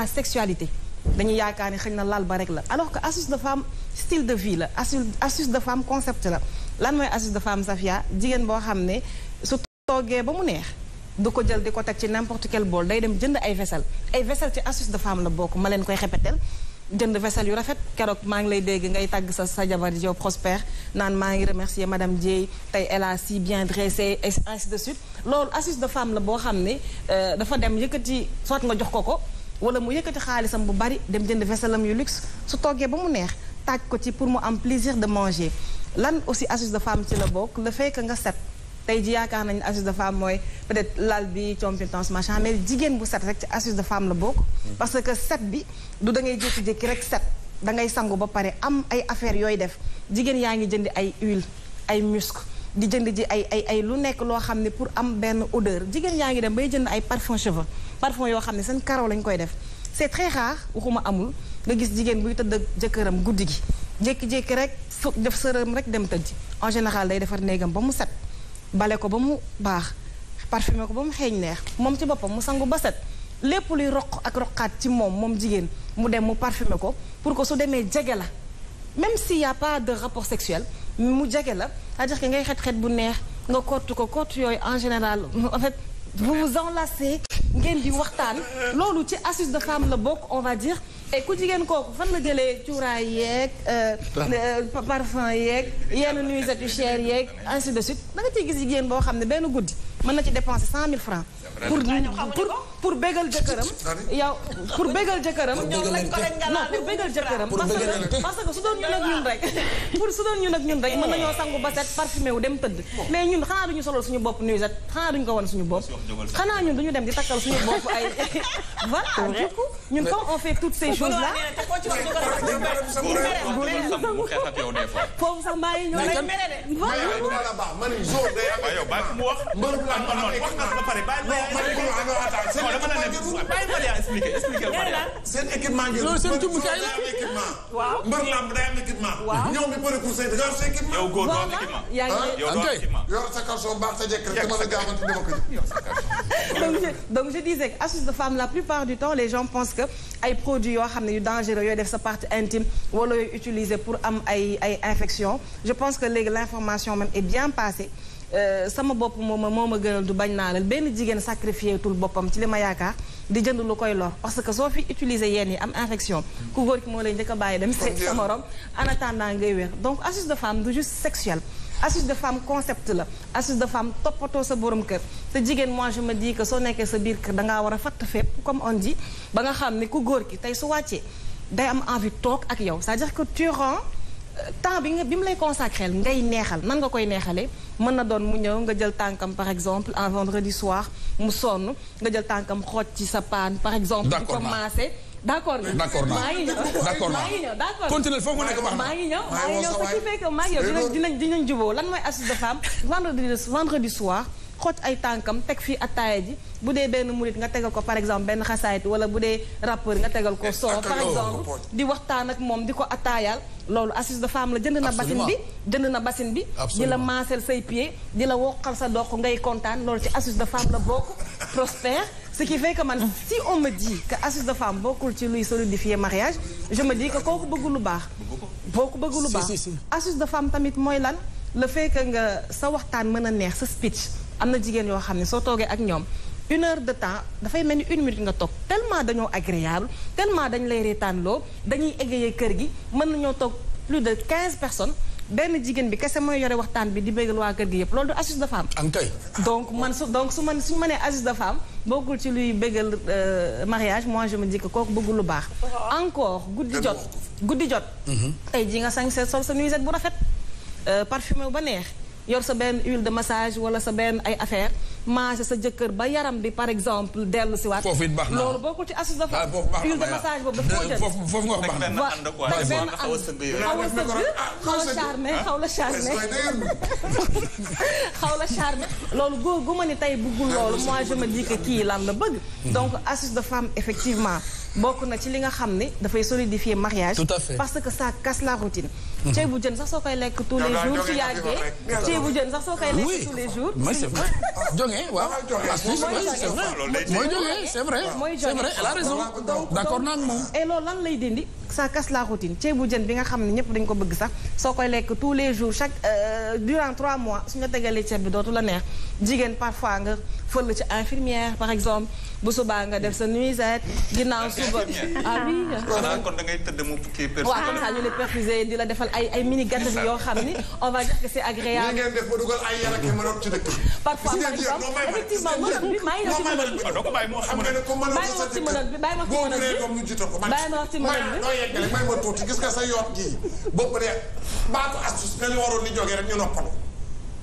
la sexualité dañuy yaakaar ni xëy na laal ba rek la alors que astuce de femme style de vie la astuce de femme concept la lan mooy astuce de femme Safia jigéen boo xam ne su toogee ba mu neex du ko jël di ko teg ci n'importe quel bool day dem jënd ay vaisselle ay vaisselle ci astuce de femme la bokk ma leen koy xepetel jënd vaisselle yu rafet keroog maa ngi lay dégg ngay tàgg sa sa jabar yow prospère naan maa ngi remercier madame Dieye tey elle a si bien dressé et ainsi de suite loolu astuce de femme la boo xam ne euh, dafa dem yëkkati soit nga jox ko ko wala mu yëkkati xaalisam bu bari dem jënd vaisselam u luxe su toggee ba mu neex taaj ko ci pour mu am plaisir de manger lan aussi astuce de femme ci la bokk le fekk nga set tey ji yaakaar nañu astuce de femme mooy peut-être lal bi compétence machin mais jigéen bu set rek ci astuce de femme la bokk parce que set bi du da ngay jékki-jékki rek set da ngay sangu ba pare am ay affaire yooy def jigéen yaa ngi jënd ay huile ay musc di jënd ji ay ay ay lu nekk loo xam ne pour am benn odeur jigéen yaa ngi dem bay jënd ay parfum cheveux parfum yoo xam ne seen karaw lañ koy def c'est très rare waxuma amul nga gis jigéen buy tëdd jëkkëram guddi gi jékki-jékki rek foog def sërëm rek dem tëdd en général day defar néegam ba mu set bale ko ba mu baax parfumé ko ba mu xeeñ neex moom ci boppam mu sangu ba set lépp luy roq ak roqaat ci moom moom jigéen mu dem mu parfumé ko pour que su demee jege la même s'il y pas de rapport sexuel mu jege la cest à ngay xet-xet bu neex nga kottu ko kottu yooyu en général en vous vous enlacez ngeen di waxtaan loolu ci astuce de femme la bokk on va dire et ku jigéen kooku fan la jëlee cuuraay yeeg euh, euh, parfum yeeg yenn nuisette yu cher yeeg ainsi de suite da nga ciy gis jigéen boo xam ne benn guddi mën na ci dépenser cent mille francs pour pour pour bégal jëkkëram yow pour bégal jëkkëram non pour bégal jëkkëram parce que parce que su doon ñun ak ñun rek pour su doon ñun ak ñun rek mën nañoo sangu ba set parfumé wu dem tëdd mais ñun xanaa duñu solol suñu bopp nuisette xanaa duñu ko won suñu bopp xanaa ñun duñu dem di takkal suñu bopp ay voilà du coup ñun comme on fait toutes ces choses là foofu sax maa ngi ñëw wax nga ba sa calson baax sa jekk rek donc je donc je disais de femme la plupart du temps les gens pensent que ay produits yoo xam ne yu dangereux yooyu def sa partie intime wala yooyu utiliser pour am ay ay infection je pense que léegi l'information même est bien passée Euh, sama bopp moom moo ma gënal du bañ naa la benn jigéen sacrifié tul boppam ci li ma yaakaar di jënd lu koy lor parce que soo fi utiliser yenn yi am infection ku góor ki moo lay njëkk a bàyyi dem seet sa morom en attendant ngay wér donc astuce de femme du juste sexuel astuce de femme concept la astuce de femme toppatoo sa borom kër te jigéen moi je me soo nekkee sa biir kër dangaa war a fatt fépp comme on dit ba nga xam ne ku góor ki tey su wàccee day am envie toog ak yow c'est-à-dire temps bi nga bi mu lay consacré ngay neexal nan nga koy neexalee mën na doon mu ñëw nga jël tànkam par exemple un vendredi soir mu sonn nga jël tànkam xooj ci sa paan par exemple. d' accord commencé d' accord na. d' accord naa d' accord naa d' accord continué foofu mu nekk baax na maa ngi ñëw maa ngi ñëw dinañ dinañ juboo lan mooy astuce de femme vendredi soir. xoj ay tànkam teg fii attaaya ji bu dee benn murit nga tegal ko par exemple benn xasaayit wala bu dee rappeur nga tegal ko eh, soo par exemple di waxtaan ak moom di ko attaayaal loolu assise de femme la jënd na basin bi jënd na basin bi di la maasel say pied di la woqal sa dox ngay kontaan loolu ci assise de femme la bokk prospère ce qui fait que man on me dit que de femme bokkul ci luy solidifier mariage je me dis que kooku bëgg lu baax booku bëgg lu baax assise de femme tamit mooy lan le fait nga sa waxtaan mën a neex sa am na jigéen yoo xam ne soo toogee ak ñoom une heure de temps dafay mel ni une minute nga toog tellement dañoo agréable tellement dañ lay reetaan loo dañuy égayee kër gi mën nañoo toog plus de quinze personnes benn jigéen bi kese mooy yore waxtaan bi di bégal waa kër gi yëpp loolu du astuce de femme. am tey donc man su donc su man suñu manee astuce de femme bokkul ci luy bégal euh, mariage moi ma me dis que kooku bëggul lu baax. encore guddi jot. guddi jot. Mhm. tey jii nga sañ seet sol sa nuisette bu rafet euh, parfumé ba neex. yor sa benn huile de massage wala sa benn ay affaire manger sa jëkkër ba yaram bi par exemple dellu si waat. foofu it baax na loolu bokkul ci astuce dafa. Ah, de massage boobu daf koo jël foofu foofu nga wax a sëgg la charme ah, xaw la charme loolu góor ma ni tey bëggul ah, loolu moi je me dis kii lan la bëgg. Hmm. donc astuce de femme effectivement. bokk na ci li nga xam ne dafay solidifier mariage. tout à fait parce que sa casse la routine. Hmm. ceebu jën sax soo koy lekk tous les jours. su yàggee ceebu jën sax soo koy lekk tous les jours. joŋee ah, a raison d'accord naa moom. et lan lay dindi sa casse la routine ceebu jën bi nga xam ne ñëpp dañ ko bëgg sax soo koy lekk tous les jours chaque euh, durant trois mois su ñu la tegalee ceeb bi dootu la neex jigéen parfois nga. fël ci infirmière par exemple bu subaa nga def sa nuisette ginnaaw suba ah oui xanaa kon da ngay tëdd mu kii waaw xanaa ñu ne perfusé di la defal ay ay mini gâteau yoo xam ni on va dire que c'est agréable ngeen def ba dugal ay yàlla ma doon ci dëkk parfois par exemple effectivement mënat bi bàyyi ma ci mënat bi bàyyi ma ci mënat bi bàyyi ma ci mënat bi ñu jiital ko bàyyi ma ci mënat bi noo yeggale may ma tuuti gis nga sa yoot gii bopp de baatu astuce nga ñu waroon di jógee rek ñu noppalu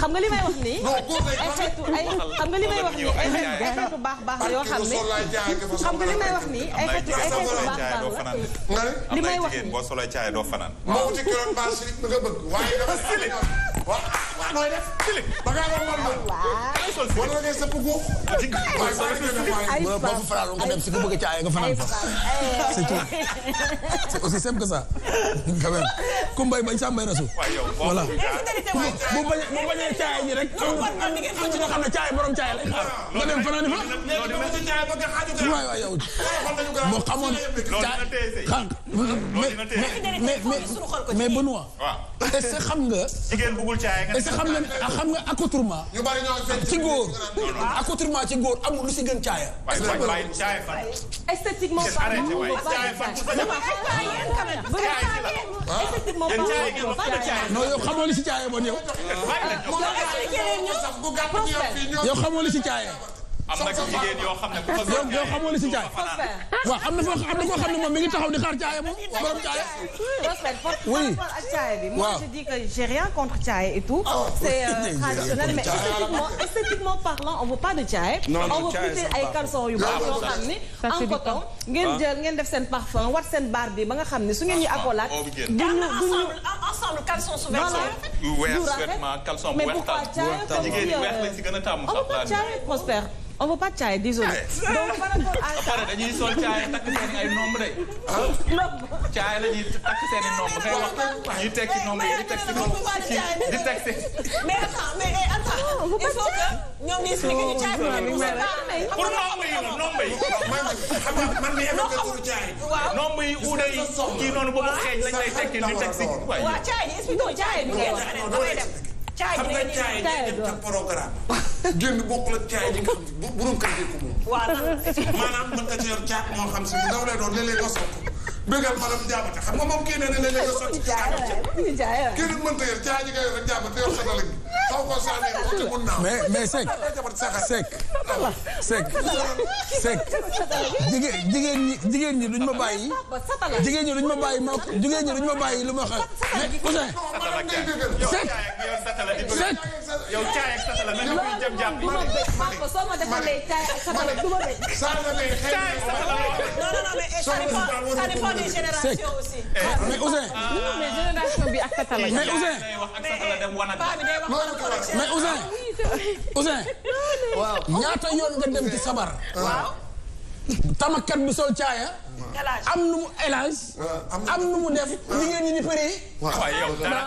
xam nga li may wax nii. ay xeetu ay xam nga li may wax nii ay xeetu baax baax la yoo xam ne xam nga li may wax nii ay xeetu ay xeetu baax baax la. li may wax nii am na jigéen boo soloy caaya doo fanaan. moo wuti keroog baax si nga bëgg waaye dama ah nooy def. fili ba ngaa doon wan man. waaw wala nga sëpp ko. ay fa nga dem si ku bëgg caa nga fanaan fa. c'est tout c'est aussi simple que ça. quand même ku mbay bañ saa mbay na suuf. voilà bu bañ bu bañee caa yi rek. am ci ñoo xam ne caa yi borom caa yi la. nga dem fanaan fa. waay waay yow. moo xamoon caa xam mais mais mais mais Benoît. est-ce que xam nga. jigéen bugul caa yi nga xam nga xam nga accoutrement. ñu bari ñoo ci góor. accoutrement ci góor amul lu si gën caaya. waay waay waay caaya fan. si caaya bon yow. yow xamoo li si caaya. am na jigéen yoo xam ne ku fa yow xamoo li si jaay waaw am na foo am na koo xam ne moom mi ngi taxaw di xaar caaya moom borom caaya oui ak caaya bi moi je dis que j'ai rien contre caaya et tout oh, c'est euh, traditionnel mais esthétiquement esthétiquement parlant on veut pas de caaya on veut plutôt ay caleçon yu baax ah, yoo xam ni en coton ngeen ah. jël ngeen def seen parfum wat seen baar bi ba nga xam ne su ngeen ñu ah, accolade duñu duñu ensemble caleçon sous-vêtement caleçon bu weex mais pourquoi caaya comme si pourquoi euh, euh, caaya prospère on veut pas caay désolé. donc par rapport à ça dañuy sol caay takk seen ay nombre de. caay la ñuy takk seen i nombre ngay wax ñu teg ci nombre di teg ci nombre di teg ci. mais attends mais attends il faut que ñoom ñu expliqué ñu caay pour nombre yi la nombre yi. xam nga man mii amee turu caay. waaw nombre yi uude yi kii noonu boobu xeeñ lañ lay teg di teg ci. waaw caay yi expliqué caay bi ngeen. caay bi ngeen caay bi ngeen programme. génn bokkul ak caay ji nga xam ne borom kër gi ko moom. waaw maanaam mën nga ci yor caay moo xam si bu ndaw lay doon léeg-léeg nga soog ko bëggal maanaam jaabate xam nga moom kii nee na léeg-léeg nga soog ci caay. jaay waaw jaay waaw kii nag mënta yor caay ji nga yor rek jaabate yor sa dalag bi mais mais Seck Seck Seck Seck jigéen jigéen ñi jigéen ñi duñ ma bàyyi jigéen ñi duñ ma bàyyi ma jigéen ñi duñ ma bàyyi lu ma xam mais Ousseyn Seck Seck yow caay ak satala na ñu jëm jàmm du ma bëgg maa ko soo ma defalee caay ak satala du ma bëgg ça non non non mais eh, ça dépend ça dépend des générations aussi mais Ousseyn mais génération bi ak satala mais Ousseyn mais Ouzin Ouzin. waaw ñaata yoon nga dem ci sabar. waaw. tamakat bi sol caaya. am nu mu élage. am nu mu def jigéen ñi di përee. waaw yow dara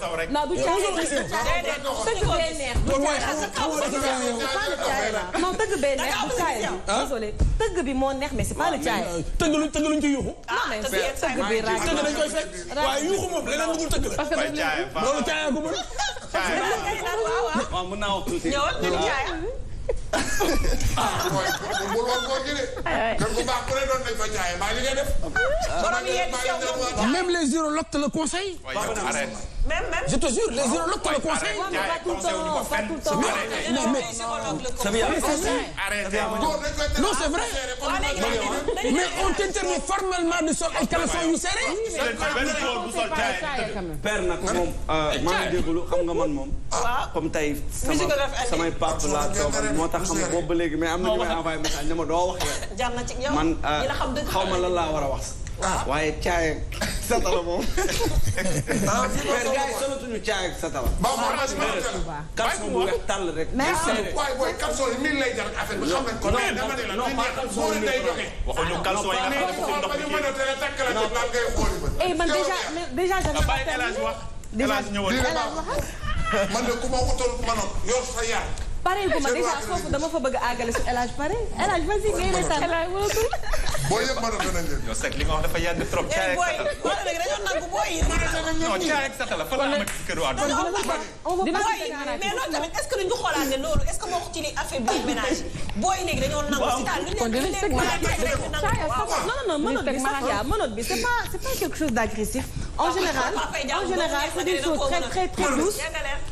saw rek. non du caaya tëgg bee neex. non tëgg bee neex du caaya bi. désolé tëgg bi moo neex mais c'est pas le caaya. tëgg lu tëgg luñ ci yuuxu. ah tëgg bi raadu tëgg dañ koy fekk. waaye yuuxu moom leneen lu dul tëgg la. parce que loolu caaya ko mën. caaya waaw waaw mën naa wax tuuti. ñëwal caaya. bu lool boo jëlee. kër gu baax ku ne doon nañ fa jaay mbaa li nga def. même les urologues le conseil. même même. je te jure les urologues le conseil. pas tout le temps pas tout le temps. non mais non c'est vrai. mais on t'interdit formellement de sol ay caleçon yu serré. père nag moom euh, maa ngi jégalu xam nga man moom. Ah. comme tey sama samay pap laa toogal moo tax. xam boobu ba léegi mais am na ñu may envoyé message ne ma doo wax yow. jar na ci yow man euh, xaw ma lan laa war a wax. Ah. waaye caayeeg satala moom. ah si loolu gars yi sonatuñu caayeeg satala. bon calson bu weex tàll rek. mais ah. waay waay calson yi mille lay jar affaire bi xam nañ ko. mais dama ne la non ah, non yi lay joxe. waxuñu calson yi nga xam ne ndox mi mën a tere takk la jot lan ngay xool ba. eh man déjà déjà j'avais pas terminé. wax. déjà man de ku ma wutoon ma nopp yor sa yaay. pareegu ma déjà foofu dama fa bëgg a àggale su El Hadj pare El Hadj vas-y ngay reetaan El Hadj walatul. booy yëpp mën na leen. yow Seck li nga wax dafa yàgg trop. caa yeeg satal booy wala nag dañoo nangu booy yi. non caa yeeg satal fa la amati si kër waat. mais loolu tamit est-ce que duñu xoolaat ne loolu est-ce que moo ci li affaire biir ménage booy léegi dañoo nangu si taal. kon dinañ teg non non non mënoot bi c'est pas c'est pas quelque chose d'agressif. en général en général c'est des choses très très très douces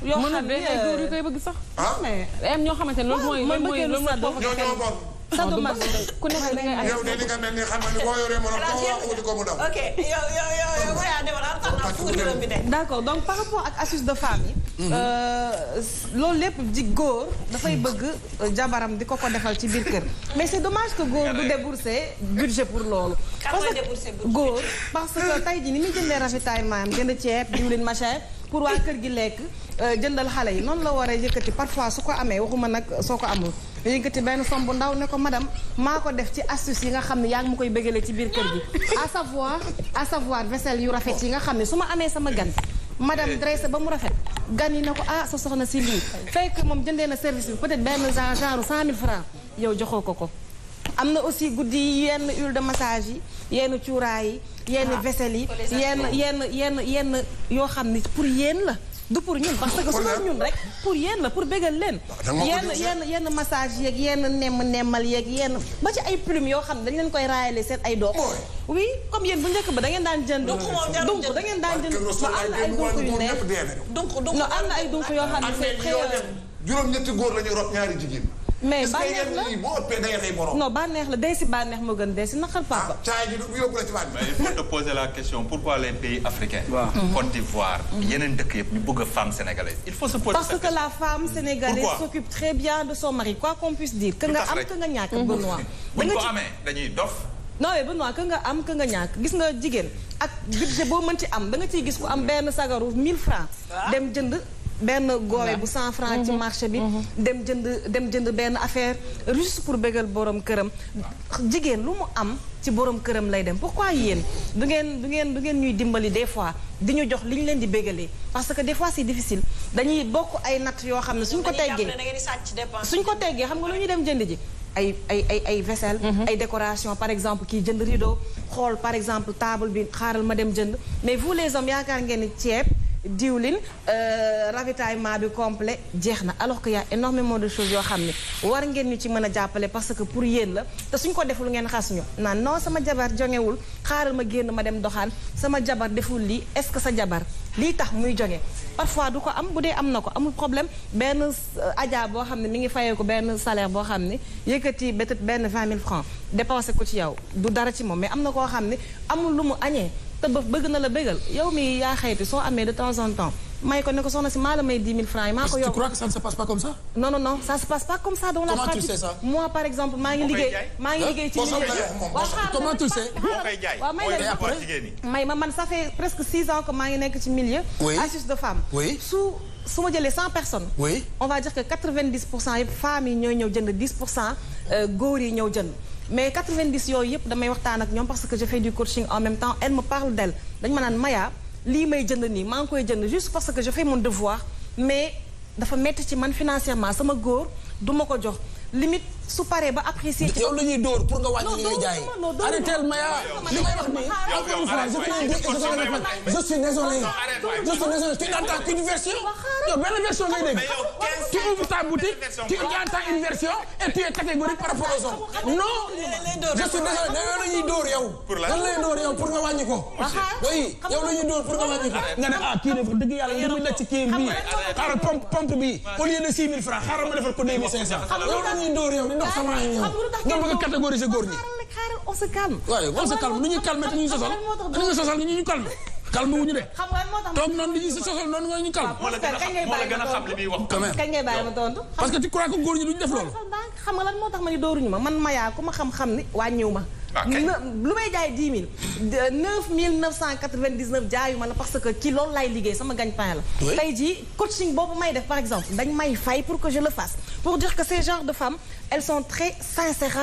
yoo xam ne ay góor yu koy bëgg sax. ah mais am ñoo xamante ne loolu mooy. loolu mooy loolu mooy sadu mag ku nekk li ngay yow de li nga mel ni xam ne boo yoree moom koo wax wuti ko mu daw. ok yow yow yow yow. d'accord donc par rapport ak astuce de femme yi. Euh, loolu lépp di góor dafay bëgg euh, jabaram di ko ko defal ci biir kër mais c'est dommage que góor du débourser budget pour loolu parce que góor parce que tey jii ni muy jëndee ravitaillement am jënd ceeb diwlin machin pour waa kër gi lekk euh, jëndal xale yi noonu la war a yëkkati parfois su ko amee waxuma nag soo ko amul yëkkati benn som bu ndaw ne ko madame maa ko def ci astuce yi nga xam ne yaa ngi ma koy bëggale ci biir kër gi à savoir à savoir vaisselle yu rafet yi nga xam ne su ma amee sama gan madame dressé ba mu rafet gan yi na ko ah sa soxna si lii fekk moom jëndee na service bi peut-être benn genre genre cent mille yow joxoo ko ko am na aussi guddi yi yenn huile de massage yi yenn cuuraay yi yenn vaisselle yi yenn yenn yenn yenn yoo xam ni pour yéen la du pour ñun parce que su doon ñun rek pour yéen pour bégal leen ah, yenn yenn yenn massage yeeg yenn nemm nemmal yeeg yenn ba ci ay plume yoo xam ne dañ leen koy raayale seen ay doom oui comme yéen bu njëkk ba da ngeen daan jënd donc da ngeen daan jënd ba am na ay dunk yu ne donc am na ay dunk yoo xam ne c'est très juróom-ñetti góor la ñuy rob ñaari jigéen mais bànneex la boo ëppee da ngeen ay borom. non la dee si bànneex moo gën dee si naqar papa. ah mm-hmm. Mm-hmm. Mm-hmm. yëpp ñu bëgg a femme sénégalaise. il faut se poser parce que la femme sénégalaise s'occupe très bien de son nga am que nga ñàkk Benoît. bu ñu ko amee dañuy dof. non mais Benoît que nga am que nga ñàkk gis nga jigéen ak budget boo mën ci am da nga ciy gis ku am benn sagaru 1000 francs ah. dem jënd benn goowe bu cent franc ci mhm. marché bi mhm. dem jënd dem jënd benn affaire juste pour bégal borom këram jigéen lu mu am ci borom këram lay dem pourquoi yéen du ngeen du ngeen du ngeen ñuy dimbali des fois di ñu jox li ñu leen di bégalee parce que des fois c'est difficile dañuy bokk ay natt yoo xam ne suñ ko teggee suñ ko teggee xam nga lu ñuy dem jënd ji ay ay ay ay vaisselle mhm. ay décoration par exemple kii jënd rideau xool par exemple table bi xaaral ma dem jënd mais vous les hommes yaakaar ngeen ni ceeb diwlin euh, ravitaillement bi complet jeex na alors que y a énormément de choses yoo xam ne war ngeen ñu ci mën a jàppale parce que pour yéen la te suñ ko deful ngeen xas ñu naan non sama jabar jongewul xaaral ma génn ma dem doxaan sama jabar deful lii est-ce que sa jabar lii tax muy jonge parfois du ko am bu dee am na ko amul problème benn euh, ajaa boo xam ne mi ngi fayee ko benn salaire boo xam ne yëkkati peut-être benn vingt mille francs dépensé ko ci yow du dara ci moom mais am na koo xam ne amul lu mu añee te bëf bëgg na la bëggal yow mi yaa xayti soo amee de temps en temps may ko ne ko soxna si maa la may 10 000 francs yi maa ko yokk tu crois que ça ne se passe pas comme ça non non non ça se moi par exemple maa ngi liggéey maa ngi liggéey ci comment tu may man ça fait presque 6 ans que maa ngi nekk ci milieu astuce de femme su su ma jëlee 100 personnes on va dire que 90 pour cent yëpp femmes yi ñooy ñëw jënd euh, góor yi ñëw jënd mais 90 yooyu yëpp damay waxtaan ak ñoom parce que je fais du coaching en même temps elle me parle d'elle dañ ma naan Maya lii may jënd nii maa ngi koy jënd juste parce que je fais mon devoir mais dafa métti ci man financièrement sama góor du ma ko jox limite su ba apprécier. ci yow la ñuy dóor nga wàññi li ngay jaay. non non non nga wàññi nga ne ah kii de dëgg yàlla li ci kii bii xaaral pompe pompe au lieu de 6 000 francs xaaral ma defal ko 2500. ñuy dóor yow di ndox sama ñëw nga bëgg a catégoriser góor ñi xaaral on se calme waaye on se calme nu ñuy calme te ñu sosal nu ñu sosal ñu ñu calme calme wu ñu de toog noonu di ñu sosal noonu nga ñu calme moo la gën a xam li muy wax kañ ngay bàyyi ma tontu parce que tu crois que góor ñi duñ def loolu xam nga lan moo tax ma ni dóoruñu ma man mayaa ku ma xam-xam ni wàññiw ma ah, lu may jaay dix mille neuf mille neuf cent quatre-vingt-dix-neuf jaayu ma la parce que ci loolu laay liggéey sama gagne-pain la tey jii coaching boobu may def par exemple dañ may fay pour que je le fasse pour dire que ces genres de femme elles sont très sincères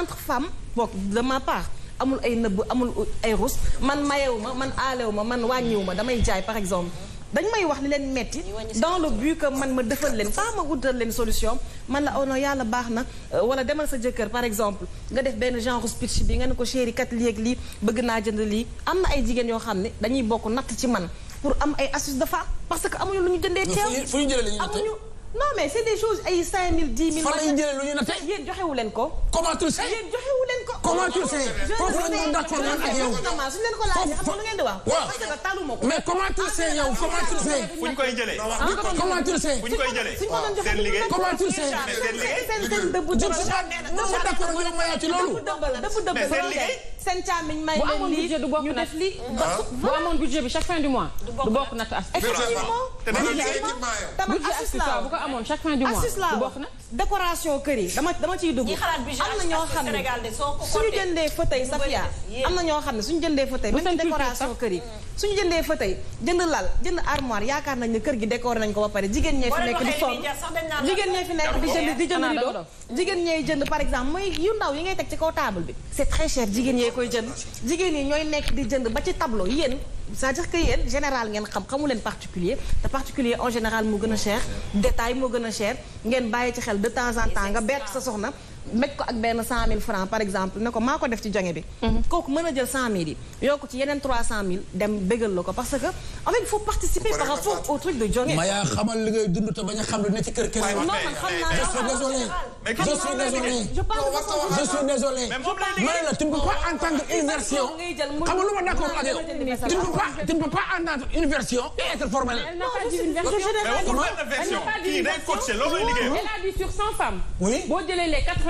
entre femme book de ma part amul ay nëbb amul ay rus man mayewu ma man aalewu ma man wàññiwu ma damay jaay par exemple dañ may wax li leen metti dans le but que man ma defal leen pas ma wutal leen solution man la oh ono yàlla baax na euh, wala demal sa jëkkër par exemple nga def benn genre speech bi nga ne ko chéri kat lii ak li bëgg naa jënd lii am na ay jigéen yoo xam ne dañuy bokk natt ci man pour am ay astuce de femme parce que lu ñu jëndee teew amuñu non mais c'est des choses ay 5000 10 000. fa lay jëlee lu ñu natte yéen joxewu leen ko. comment tu sais yéen joxewu leen ko. comment tu sais foofu la ñu d'accord ak yow. suñu leen ko laajee am na lu ngeen di wax. waaw parce que talu ma ko. mais comment tu sais yow comment tu sais. fu ñu koy jëlee. comment tu sais. fu ñu koy jëlee seen liggéey. comment tu sais. seen liggéey. dëbb dëbb la ci loolu. mais seen liggéey. seen càmmiñ may leen lii ñu def lii. bu amoon budget bi chaque fin du mois. du bokk natt as. effectivement amoon chaque fin du mois. assis laa wax décoration kër yi dama dama ciy dugg. am na ñoo xam ne suñu jëndee fauteuil Safia am na ñoo xam ne suñu jëndee fauteuil même ci décoration kër yi suñu jëndee fa tey jënd lal jënd armoire yaakaar nañ ne kër gi décoré nañ ko ba pare jigéen ñee fi nekk di sol jigéen ñee fi nekk di jënd di jënd par exemple mooy yu ndaw yi ngay teg ci kaw table bi c'est très cher jigéen yee koy jënd jigéen ñi ñooy nekk di jënd ba ci tableau yéen sa à dire yéen général ngeen xam xamu leen particulier te particulier en général moo gën a cher détail moo gën a cher ngeen bàyyi ci xel de temps en temps nga bett sa soxna mej ko ak benn cent mille francs par exemple ne ko maa ko def ci jonge bi mhm. kooku mën a jël cent mille yi yokk ci yeneen trois cent mille dem bégal la ko parce que en fait il faut participer par rapport au truc de jonge ma yaa xamal li ngay dund te bañ a xam lu ne ci kër keneen non man xam naa je suis désolé je suis désolé je suis désolé ma ne la tu ne peux pas entendre une version xam nga lu ma d'accord ak yow tu ne peux pas tu ne peux pas entendre une version et être formel elle n'a pas dit une version elle n'a pas dit une version elle a dit sur cent femmes boo jëlee les quatre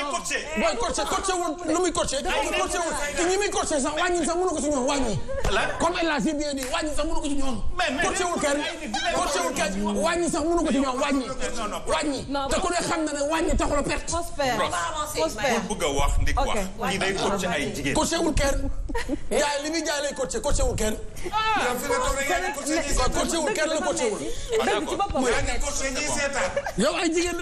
ngay coaché. booy coaché coaché wul lu muy coaché. coaché wul te ñi muy coaché sax wàññi sax mënu ko si ñoom wàññi. comme elle a si bien dit wàññi sax mënu ko si ñoom. coaché wul kenn coaché wul kenn wàññi sax mënu ko si ñoom wàññi. wàññi te ku ne xam na ne wàññi taxul a perte. prospère bëgg a wax ndik wax. ñi day coaché ay jigéen. coaché wul kenn jaay li muy jaay lay coaché coaché wul kenn. Ah. coaché wul kenn la coaché wul. yow ay jigéen